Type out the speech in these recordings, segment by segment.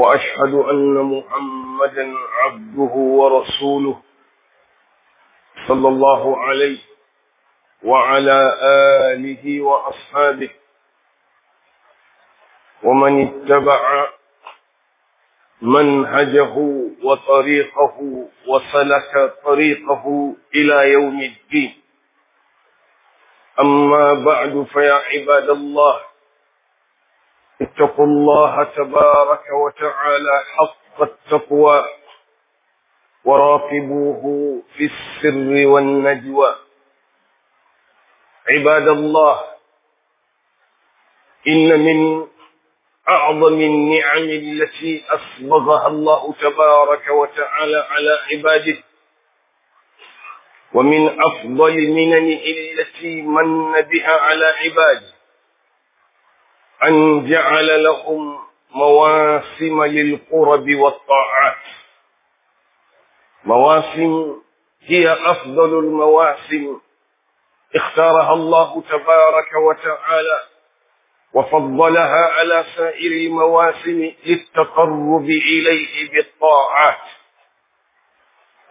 وأشهد أن محمدا عبده ورسوله صلى الله عليه وعلى آله وأصحابه ومن اتبع منهجه وطريقه وسلك طريقه إلى يوم الدين أما بعد فيا عباد الله اتقوا الله تبارك وتعالى حق التقوى وراقبوه في السر والنجوى عباد الله إن من أعظم النعم التي أصبغها الله تبارك وتعالى على عباده ومن أفضل مننه التي من بها على عباده أن جعل لهم مواسم للقرب والطاعات مواسم هي أفضل المواسم اختارها الله تبارك وتعالى وفضلها على سائر المواسم للتقرب إليه بالطاعات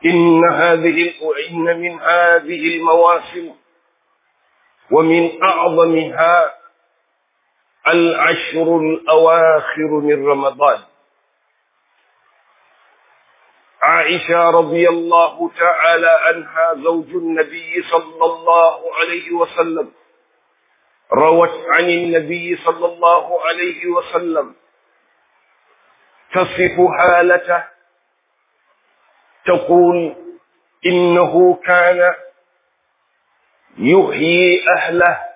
إن هذه إن من هذه المواسم ومن أعظمها العشر الأواخر من رمضان عائشة رضي الله تعالى عنها زوج النبي صلى الله عليه وسلم روت عن النبي صلى الله عليه وسلم تصف حالته تقول إنه كان يحيي أهله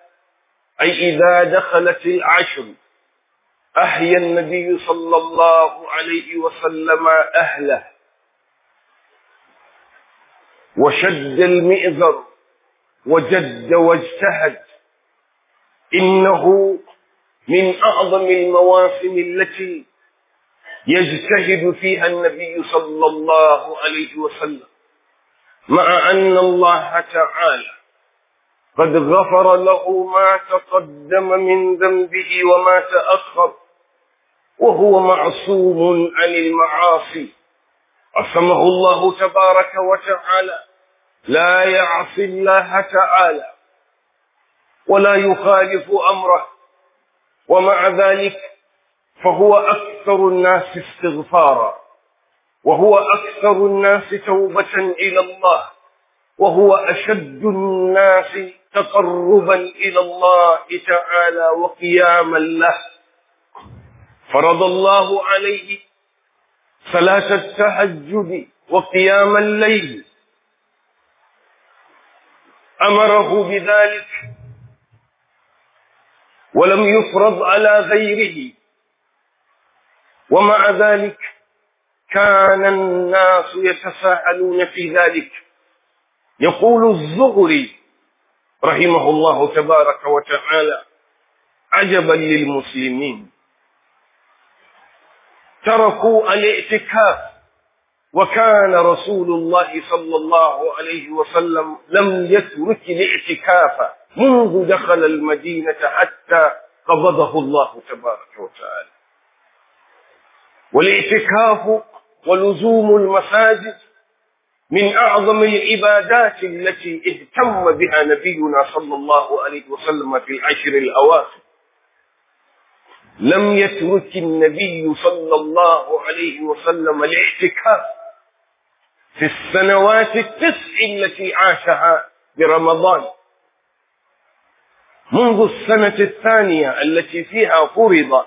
أي إذا دخلت العشر أحيا النبي صلى الله عليه وسلم أهله وشد المئذر وجد واجتهد إنه من أعظم المواسم التي يجتهد فيها النبي صلى الله عليه وسلم مع أن الله تعالى قد غفر له ما تقدم من ذنبه وما تأخر وهو معصوم عن المعاصي عصمه الله تبارك وتعالى لا يعصي الله تعالى ولا يخالف أمره ومع ذلك فهو أكثر الناس استغفارا وهو أكثر الناس توبة إلى الله وهو أشد الناس تقربا إلى الله تعالى وقياما له فرض الله عليه صلاة التهجد وقيام الليل أمره بذلك ولم يفرض على غيره ومع ذلك كان الناس يتساءلون في ذلك يقول الزهري رحمه الله تبارك وتعالى عجبا للمسلمين تركوا الاعتكاف وكان رسول الله صلى الله عليه وسلم لم يترك الاعتكاف منذ دخل المدينة حتى قبضه الله تبارك وتعالى والاعتكاف ولزوم المساجد من أعظم العبادات التي اهتم بها نبينا صلى الله عليه وسلم في العشر الأواخر لم يترك النبي صلى الله عليه وسلم الاحتكاك في السنوات التسع التي عاشها برمضان منذ السنة الثانية التي فيها فرض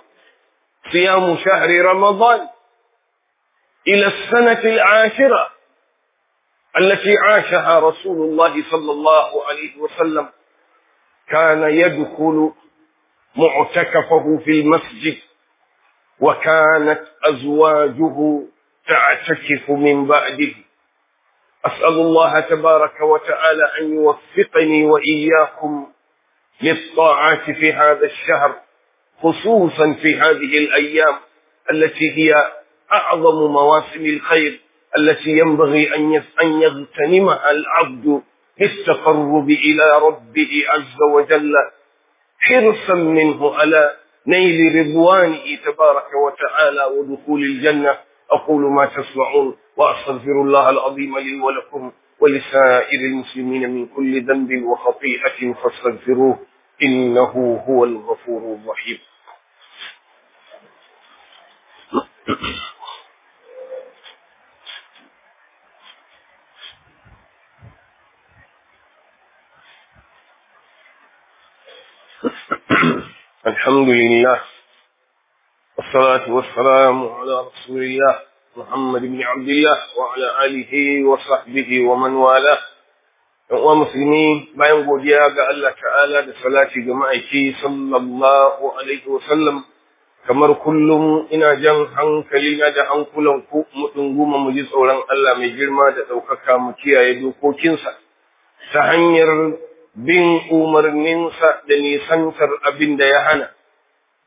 صيام شهر رمضان إلى السنة العاشرة التي عاشها رسول الله صلى الله عليه وسلم كان يدخل معتكفه في المسجد وكانت أزواجه تعتكف من بعده أسأل الله تبارك وتعالى أن يوفقني وإياكم للطاعات في هذا الشهر خصوصا في هذه الأيام التي هي أعظم مواسم الخير التي ينبغي أن يغتنمها العبد بالتقرب إلى ربه عز وجل حرصا منه على نيل رضوانه تبارك وتعالى ودخول الجنة أقول ما تسمعون وأستغفر الله العظيم لي ولكم ولسائر المسلمين من كل ذنب وخطيئة فاستغفروه إنه هو الغفور الرحيم الحمد لله والصلاة والسلام على رسول الله محمد بن عبد الله وعلى آله وصحبه ومن والاه ومسلمين بين قوديا قال الله تعالى بصلاة جماعك صلى الله عليه وسلم كما كل إنا جن عن كلمة عن كل متنقوم مجلس أولا ألا مجرمة توقع كامتيا يدوكو كنسا سهنير bin umarninsa da nisantar abin da ya hana,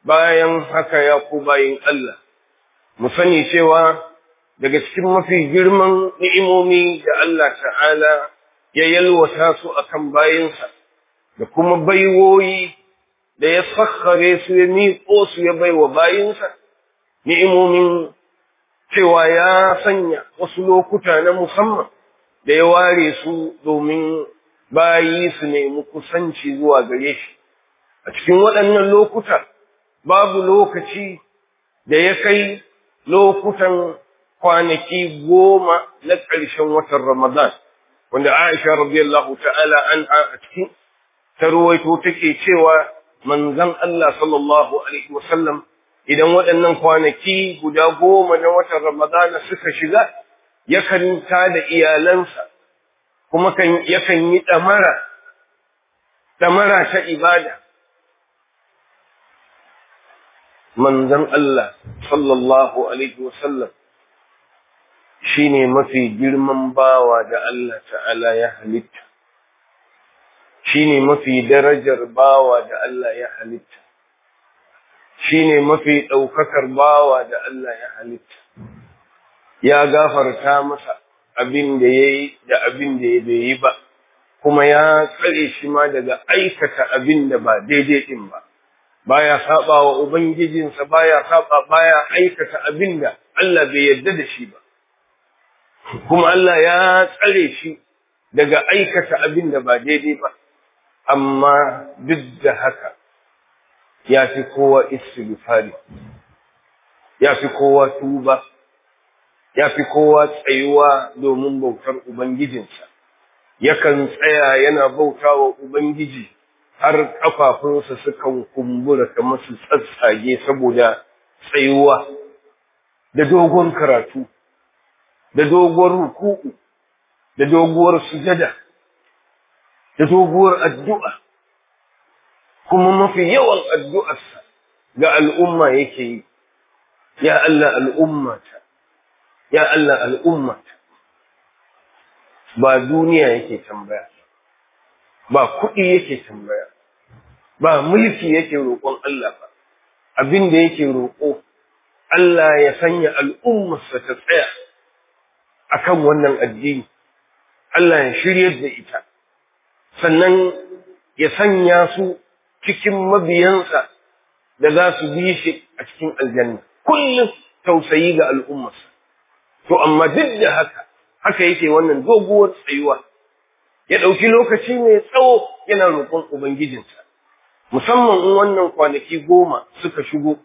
bayan haka ya ku bayin Allah, mu sani cewa daga cikin mafi girman ni'imomi da Allah ta'ala ya yalwata su akan kan bayinsa, da kuma baiwoyi da ya sakhare su ya miƙo su ya baiwa bayinsa, ni'imomin cewa ya sanya wasu lokuta na musamman da ya ware su domin bayi su nemi kusanci zuwa gare shi a cikin waɗannan lokuta babu lokaci da ya kai lokutan kwanaki goma na ƙarshen watan Ramadan wanda Aisha radiyallahu ta'ala an a cikin tarwaito take cewa manzon Allah sallallahu alaihi wasallam idan waɗannan kwanaki guda goma na watan Ramadan suka shiga ya ta da iyalansa kuma kan yakan yi ɗamara ɗamara ta ibada manzon Allah sallallahu alaihi wasallam shine mafi girman bawa da Allah ta'ala ya halitta shine mafi darajar bawa da Allah ya halitta shine mafi ɗaukakar bawa da Allah ya halitta ya gafarta masa abin da ya yi da abin da ya bai yi ba, kuma ya tsare shi ma daga aikata abin da ba daidai ɗin ba, Ba ya saba wa Ubangijinsa ba baya saba ya aikata abin da Allah bai yarda da shi ba, kuma Allah ya tsare shi daga aikata abin da ba daidai ba, amma duk da haka ya fi kowa istighfari, ya fi kowa tuba. ya fi kowa tsayuwa domin bautar Ubangijinsa, yakan tsaya yana bauta wa Ubangiji har ƙafafunsa sukan kumbura kamar su tsatsage saboda tsayuwa da dogon karatu, da doguwar ruku'u, da doguwar sujada, da doguwar addu'a, kuma mafi yawan addu'arsa ga al'umma yake yi, ya Allah al'ummata. ya Allah al'umma ba duniya yake tambaya ba kuɗi yake tambaya ba mulki yake roƙon Allah ba abin da yake roƙo Allah ya sanya al'ummarsa ta tsaya akan wannan addini Allah ya shiryar da ita sannan ya sanya su cikin mabiyansa da za su bi shi a cikin aljanna kullum tausayi ga al'ummarsa to amma duk da haka haka yake wannan doguwar tsayuwa ya ɗauki lokaci mai tsawo yana roƙon ubangijinsa musamman in wannan kwanaki goma suka shigo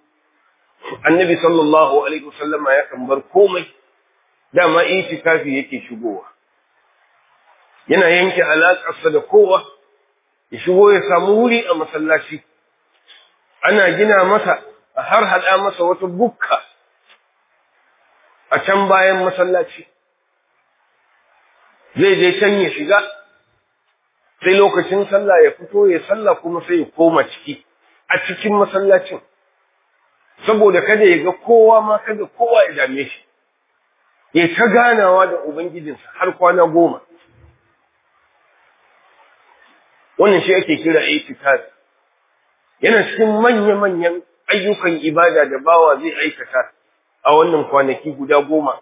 annabi sallallahu alaihi wasallama ya kan bar komai dama itikafi yake shigowa yana yanke alaƙarsa da kowa ya shigo ya samu wuri a masallaci ana gina masa a har haɗa masa wata bukka a can bayan masallaci zai je can ya shiga sai lokacin sallah ya fito ya sallah kuma sai ya koma ciki a cikin masallacin saboda kada ya ga kowa ma kada kowa ya dame shi ya ta ganawa da ubangijinsa har kwana goma wannan shi ake kira itikaf yana cikin manya-manyan ayyukan ibada da bawa zai aikata a wannan kwanaki guda goma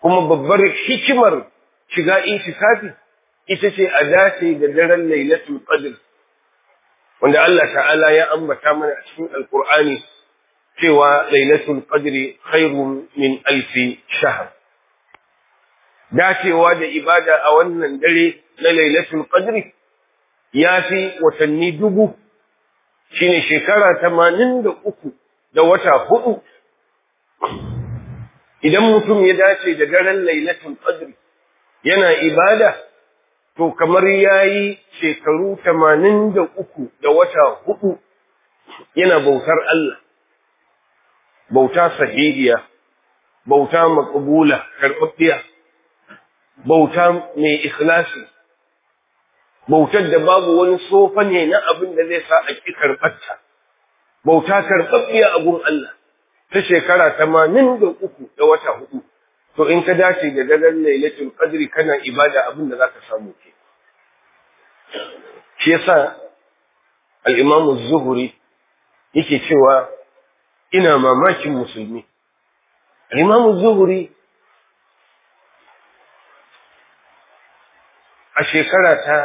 kuma babbar hikimar shiga itikafi ita ce a dace da daren lailatul qadr wanda Allah ta'ala ya ambata mana a cikin alqur'ani cewa lailatul qadri khairun min alfi shahr dacewa da ibada a wannan dare na lailatul qadri ya fi watanni dubu shine shekara tamanin da uku da wata hudu idan mutum ya dace da daren lailatul qadr yana ibada to kamar yayi shekaru 83 da wata hudu yana bautar Allah bauta sahihiya bauta maqbula karbabbiya bauta mai ikhlasi bautar da babu wani sofa ne na abin da zai sa a ki karbatta bauta karbabbiya a Allah ta shekara tamanin da uku da wata hudu to in ka dace da daren lailatul qadri kana ibada abin da zaka samu ke shi yasa al-imam az-zuhri yake cewa ina mamakin musulmi al-imam az-zuhri a shekara ta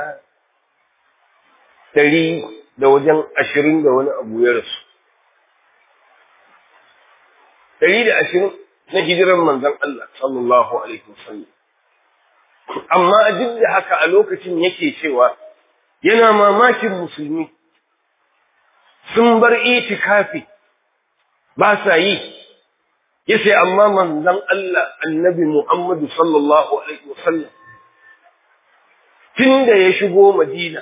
ɗari da wajen ashirin da wani abu ya rasu ɗari da ashirin na hijiran manzon Allah sallallahu alaihi wasallam amma duk da haka a lokacin yake cewa yana mamakin musulmi sun bar itikafi ba sa yi yace amma manzon Allah annabi Muhammad sallallahu alaihi wasallam tunda ya shigo Madina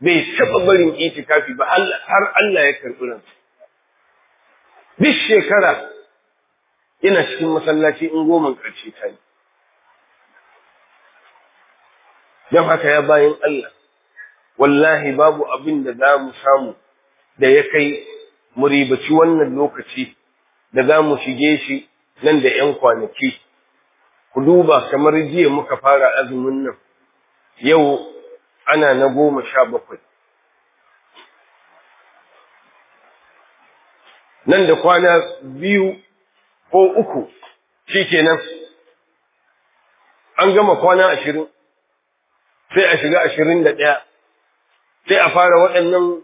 bai saba barin itikafi ba har Allah ya karbi nan duk shekara ina cikin masallaci in goma ƙarshe ta yi don haka ya bayan Allah wallahi babu abin da za mu samu da ya kai mu ribaci wannan lokaci da za mu shige shi nan da ‘yan kwanaki ku duba kamar jiya muka fara azumin nan yau ana na goma sha bakwai nan da kwana biyu ko uku shi kenan an gama kwana ashirin sai a shiga ashirin da ɗaya sai a fara waɗannan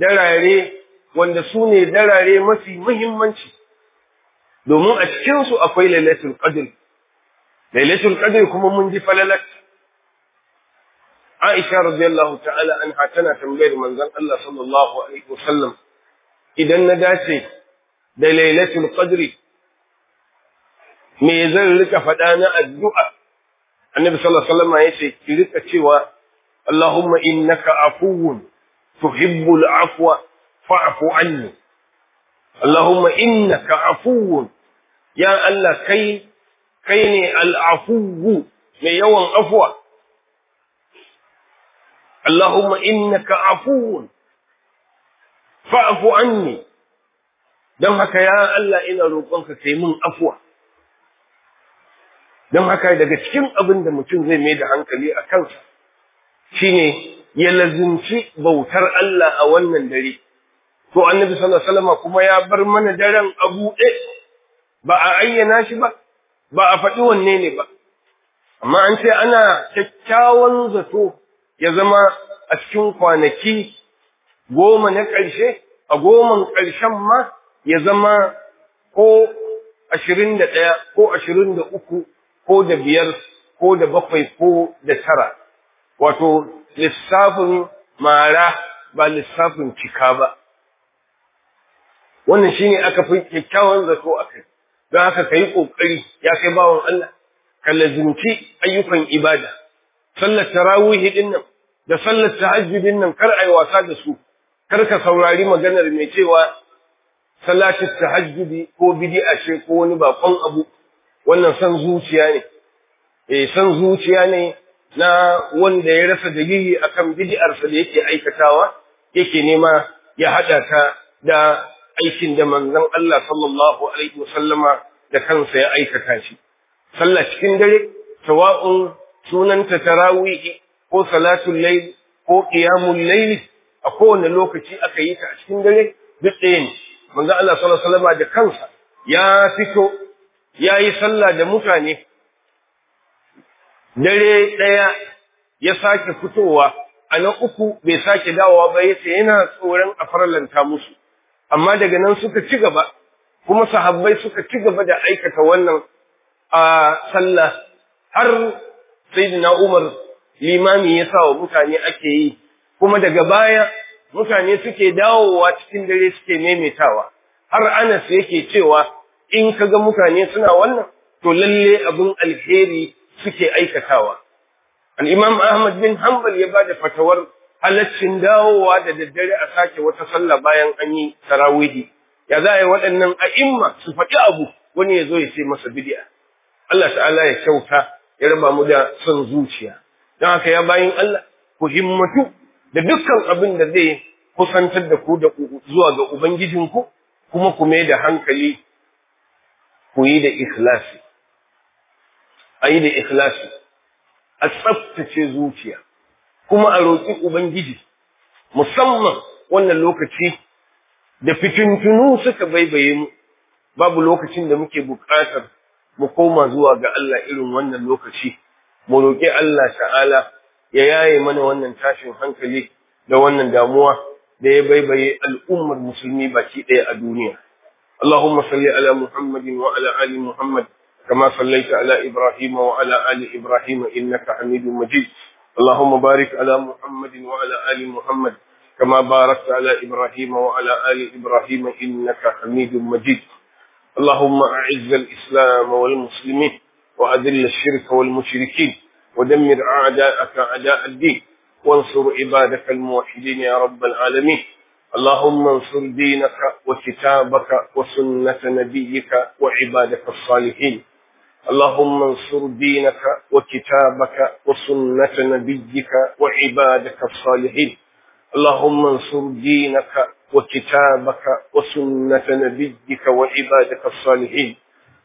darare wanda su ne darare mafi muhimmanci domin a cikinsu akwai lailatul ƙadir, lailatul ƙadir kuma mun ji falalat Aisha radiyallahu ta'ala anha tana tambayar manzon Allah sallallahu alaihi wasallam idan na dace da lailatul ƙadir. me zan rika fada na addu'a annabi sallallahu alaihi wasallam yace ki rika cewa Allahumma innaka afuwun tuhibbul afwa fa'fu anni Allahumma innaka afuwun ya Allah kai kai ne al'afuwu mai yawan afwa Allahumma innaka afuwun fa'fu anni don haka ya Allah ina roƙonka kai mun afwa don haka daga cikin abin da mutum zai mai da hankali a kansa shine ya lazinci bautar Allah a wannan dare to annabi sallallahu alaihi wasallam kuma ya bar mana daren a buɗe ba a ayyana shi ba ba a faɗi wanne ne ba amma an ce ana kyakkyawan zato ya zama a cikin kwanaki goma na ƙarshe a goman ƙarshen ma ya zama ko ashirin da ɗaya ko ashirin da uku ko da biyar ko da bakwai ko da tara wato lissafin mara ba lissafin cika ba wannan shine aka fi kyakkyawan zato a kai don haka ka yi ƙoƙari ya kai bawan Allah ka lazimci ayyukan ibada sallar tarawihi din nan da sallar tahajjudin nan kar ai wasa da su kar ka saurari maganar mai cewa salatul tahajjudi ko bidi'a ce ko wani bakon abu wannan san zuciya ne eh san zuciya ne na wanda ya rasa dalili akan bid'arsa da yake aikatawa yake nema ya hada ta da aikin da manzon Allah sallallahu alaihi wasallama da kansa ya aikata shi sallah cikin dare sawa'un sunanta tarawih ko salatul layl ko qiyamul layl a kowane lokaci aka yi ta a cikin dare duk ɗaya ne manzon Allah sallallahu alaihi wasallama da kansa ya fito ya yi sallah da mutane dare ɗaya ya sake fitowa a na uku bai sake dawowa ba yace yana tsoron a farlanta musu amma daga nan suka ci gaba kuma sahabbai suka ci gaba da aikata wannan a sallah har sayyidina Umar limami ya sa wa mutane ake yi kuma daga baya mutane suke dawowa cikin dare suke maimaitawa har Anas yake cewa in ka ga mutane suna wannan to lalle abin alheri suke aikatawa al-imam ahmad bin hanbal ya bada fatawar halaccin dawowa da daddare a sake wata sallah bayan an yi tarawihi ya za a yi waɗannan a'imma su faɗi abu wani ya zo ya ce masa bid'a Allah ta'ala ya kyauta ya raba mu da son zuciya don haka ya bayin Allah ku himmatu da dukkan abin da zai kusantar da ku da zuwa ga ubangijinku kuma ku mai da hankali ku yi da ikhlasi a da ikhlasi a tsaftace zuciya kuma a roƙi ubangiji musamman wannan lokaci da fitintunu suka baibaye mu babu lokacin da muke buƙatar mu koma zuwa ga Allah irin wannan lokaci mu roƙi Allah ta'ala ya yaye mana wannan tashin hankali da wannan damuwa da ya baibaye al'ummar musulmi baki ɗaya a duniya اللهم صل على محمد وعلى آل محمد كما صليت على إبراهيم وعلى آل إبراهيم إنك حميد مجيد اللهم بارك على محمد وعلى آل محمد كما باركت على إبراهيم وعلى آل إبراهيم إنك حميد مجيد اللهم أعز الإسلام والمسلمين وأذل الشرك والمشركين ودمر أعداءك أعداء الدين وانصر عبادك الموحدين يا رب العالمين اللهم انصر دينك وكتابك وسنة نبيك وعبادك الصالحين اللهم انصر دينك وكتابك وسنة نبيك وعبادك الصالحين اللهم انصر دينك وكتابك وسنة نبيك وعبادك الصالحين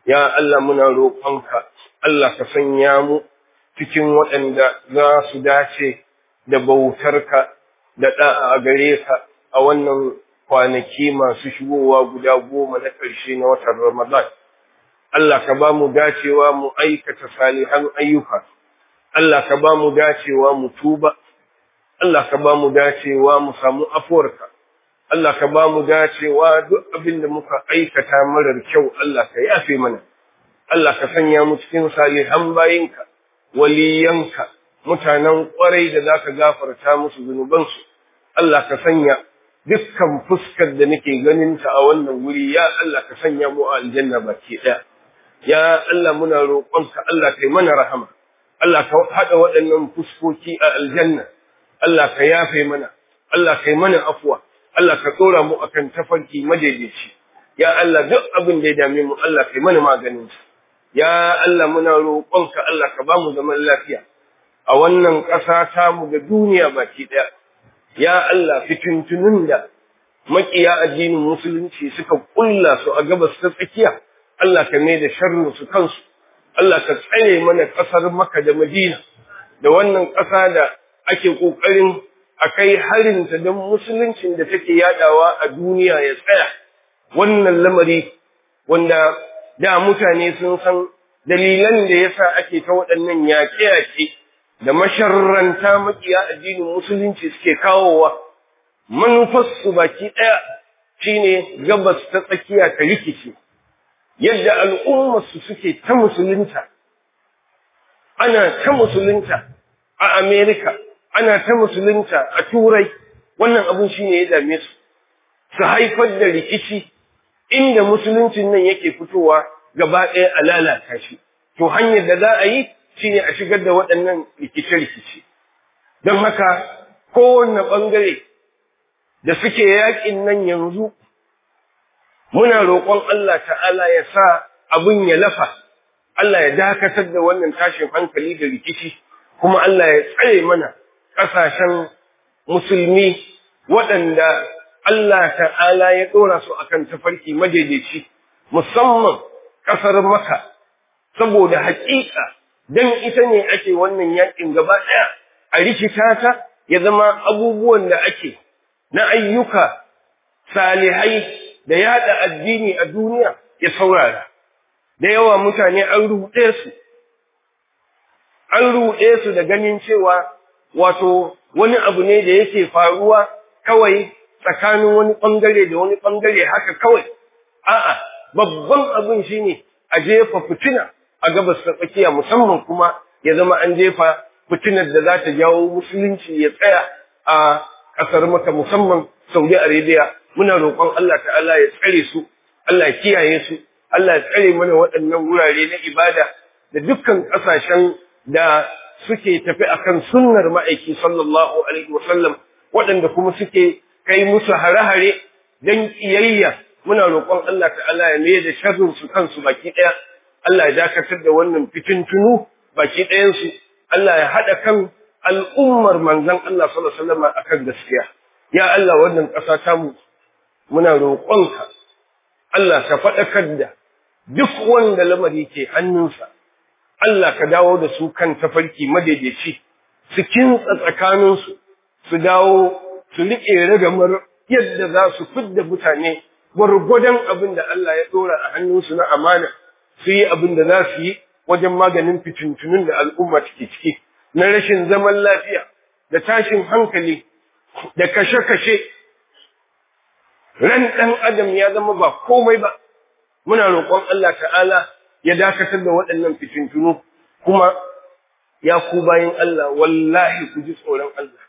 يا الله من روحك الله كسنيا mu cikin waɗanda za su dace da bautarka da ɗa'a gare ka a wannan kwanaki masu shigowa guda goma na ƙarshe na watan Ramadan. Allah ka ba mu dacewa mu aikata salihan ayyuka, Allah ka ba mu dacewa mu tuba, Allah ka ba mu dacewa mu samu afuwarka, Allah ka ba mu dacewa duk abin da muka aikata marar kyau Allah ka yafe mana, Allah ka sanya mu cikin salihan bayinka, waliyanka, mutanen ƙwarai da za ka gafarta musu zunubansu, Allah ka sanya dukkan fuskar da nake ganin ta a wannan wuri ya Allah ka sanya mu a aljanna baki ɗaya ya Allah muna roƙonka Allah kai mana rahama Allah ka haɗa waɗannan fuskoki a aljanna Allah ka yafe mana Allah kai mana afuwa Allah ka tsora mu akan tafarki madaidaici ya Allah duk abin da ya dame mu Allah kai mana maganin ya Allah muna roƙonka Allah ka ba zaman lafiya a wannan ƙasa ta mu da duniya baki ɗaya ya Allah fitintunin da makiya addinin musulunci suka kulla su a gabas ta tsakiya Allah ka mai da sharru su kansu Allah ka tsare mana kasar Makka da Madina da wannan kasa da ake kokarin akai harin ta don musuluncin da take yadawa a duniya ya tsaya wannan lamari wanda da mutane sun san dalilan da yasa ake ta waɗannan yaƙe-yaƙe da masharranta makiya addinin musulunci suke kawowa manufarsu baki ɗaya shine gabas ta tsakiya ta rikici. yadda al'ummarsu suke ta musulunta ana ta musulunta a Amerika ana ta musulunta a Turai wannan abun ne ya dame su su haifar da rikici inda musuluncin nan yake fitowa gaba ɗaya a lalata shi to hanyar da za a yi shine a shigar da waɗannan rikice-rikice don haka kowane ɓangare da suke yaƙin nan yanzu muna roƙon Allah ta'ala ya sa abin ya lafa Allah ya dakatar da wannan tashin hankali da rikici kuma Allah ya tsare mana ƙasashen musulmi waɗanda Allah ta'ala ya ɗora su a kan tafarki madaidaici musamman ƙasar maka saboda haƙiƙa dan ita ne ake wannan yakin gaba daya a rikita ta ya zama abubuwan da ake na ayyuka salihai da yada addini a duniya ya saurara da yawa mutane an ruɗe su an ruɗe su da ganin cewa wato wani abu ne da yake faruwa kawai tsakanin wani bangare da wani bangare haka kawai a'a babban abin shine a jefa fitina a gabas ta tsakiya musamman kuma ya zama an jefa fitinar da za ta jawo musulunci ya tsaya a ƙasar maka musamman saudi arabia muna roƙon allah ta'ala ya tsare su allah ya kiyaye su allah ya tsare mana waɗannan wurare na ibada da dukkan ƙasashen da suke tafi akan sunnar ma'aiki sallallahu alaihi wasallam waɗanda kuma suke kai musu hare-hare don ƙiyayya muna roƙon Allah ta'ala ya mai da sharrin su kansu baki ɗaya Allah ya dakatar da wannan tunu baki ɗayansu Allah ya haɗa kan al'ummar manzon Allah sallallahu alaihi wasallam akan gaskiya ya Allah wannan ƙasa ta mu muna roƙonka Allah ka faɗakar da duk wanda lamari ke hannunsa Allah ka dawo da su kan tafarki madaidaici su kintsa tsakaninsu su dawo su riƙe ragamar yadda za su fidda mutane gwargwadon abin da Allah ya ɗora a hannunsu na amana su yi abin da za su yi wajen maganin fitintunun da al'umma take ciki na rashin zaman lafiya da tashin hankali da kashe-kashe ran ɗan adam ya zama ba komai ba muna roƙon Allah ta'ala ya dakatar da waɗannan fitintunu kuma ya ku bayan Allah wallahi ku ji tsoron Allah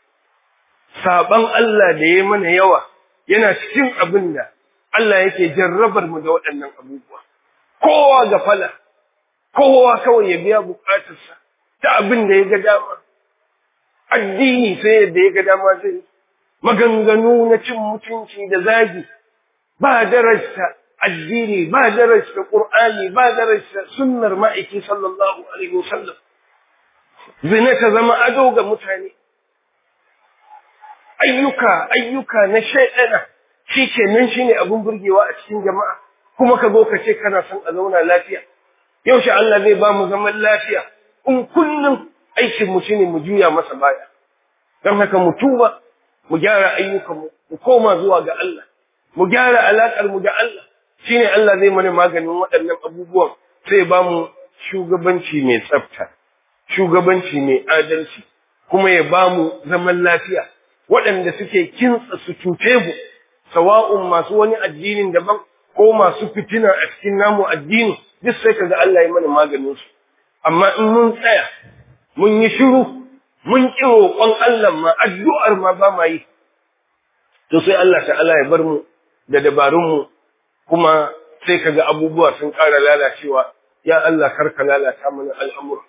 saban Allah da ya mana yawa yana cikin abin da Allah yake jarrabar mu da waɗannan abubuwa kowa ga fala, kowa kawai ya biya bukatarsa ta abin da ya ga dama addini sai da ya ga dama zai maganganu na cin mutunci da zagi ba darasta addini ba darasta qur'ani ba darasta sunnar ma'aiki sallallahu alaihi wasallam zina ta zama ado ga mutane ayyuka ayyuka na shaidana shi kenan shine abin burgewa a cikin jama'a kuma ka zo ka ce kana son a zauna lafiya yaushe Allah zai ba mu zaman lafiya in kullum aikin mu shine mu juya masa baya dan haka mu tuba mu gyara ayyukan mu mu koma zuwa ga Allah mu gyara alakar mu ga Allah shine Allah zai mana maganin waɗannan abubuwan sai ba mu shugabanci mai tsafta shugabanci mai adalci kuma ya ba mu zaman lafiya waɗanda suke kintsa su cuce mu sawa'un masu wani addinin daban ko masu fitina a cikin namu addini duk sai kaga Allah ya mana maganin su amma in mun tsaya mun yi shiru mun ki roƙon Allah ma addu'ar ma ba ma yi to sai Allah ta'ala ya bar mu da dabarun mu kuma sai kaga abubuwa sun ƙara lalacewa ya Allah kar ka lalata mana al'amura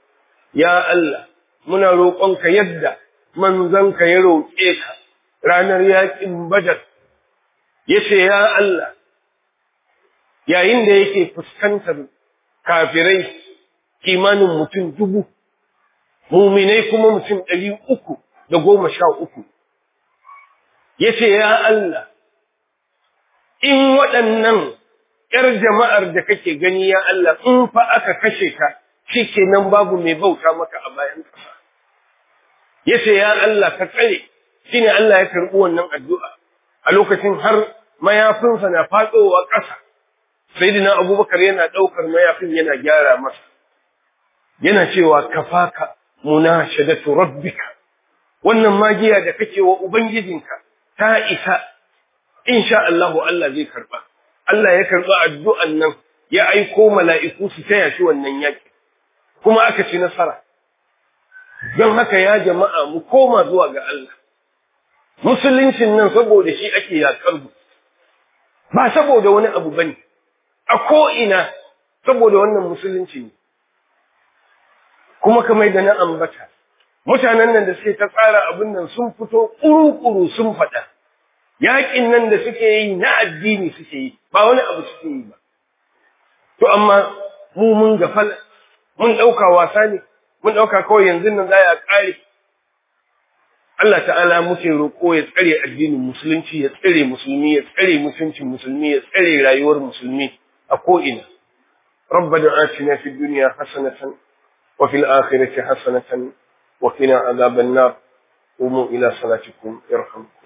ya Allah muna roƙonka yadda manzanka ya roƙe ka ranar yaƙin badar ya ce ya Allah yayin da yake fuskantar kafirai kimanin mutum dubu muminai kuma mutum ɗari uku da goma sha uku ya ce ya Allah in waɗannan ‘yar jama'ar da kake gani ya Allah in fa aka kashe ka shi kenan babu mai bauta maka a bayan ƙasa ya ce ya Allah ka tsare shi ne Allah ya karɓi wannan addu'a a lokacin har mayafinsa na faɗowa ƙasa Saidina abubakar yana daukar mayafin yana gyara masa yana cewa kafaka munashadatu rabbika wannan magiya da kake wa ubangijinka ta isa insha Allah Allah zai karba Allah ya karba addu'an nan ya aiko mala'iku su taya shi wannan yaki kuma aka ci nasara don haka ya jama'a mu koma zuwa ga Allah musuluncin nan saboda shi ake yakar ba saboda wani abu bane a ko'ina saboda wannan musulunci ne. Kuma kamar da na ambata, mutanen nan da suke ta tsara abin nan sun fito ƙuruƙuru sun faɗa, yaƙin nan da suke yi na addini suke yi, ba wani abu suke yi ba. To, amma mu mun gafala, mun ɗauka wasa ne, mun ɗauka kawai yanzu nan za a ƙare. Allah ta'ala muke roƙo ya tsare addinin musulunci ya tsare musulmi ya tsare mutuncin musulmi ya tsare rayuwar musulmi a ربنا آتنا في الدنيا حسنة وفي الآخرة حسنة وقنا عذاب النار قوموا إلى صلاتكم ارحمكم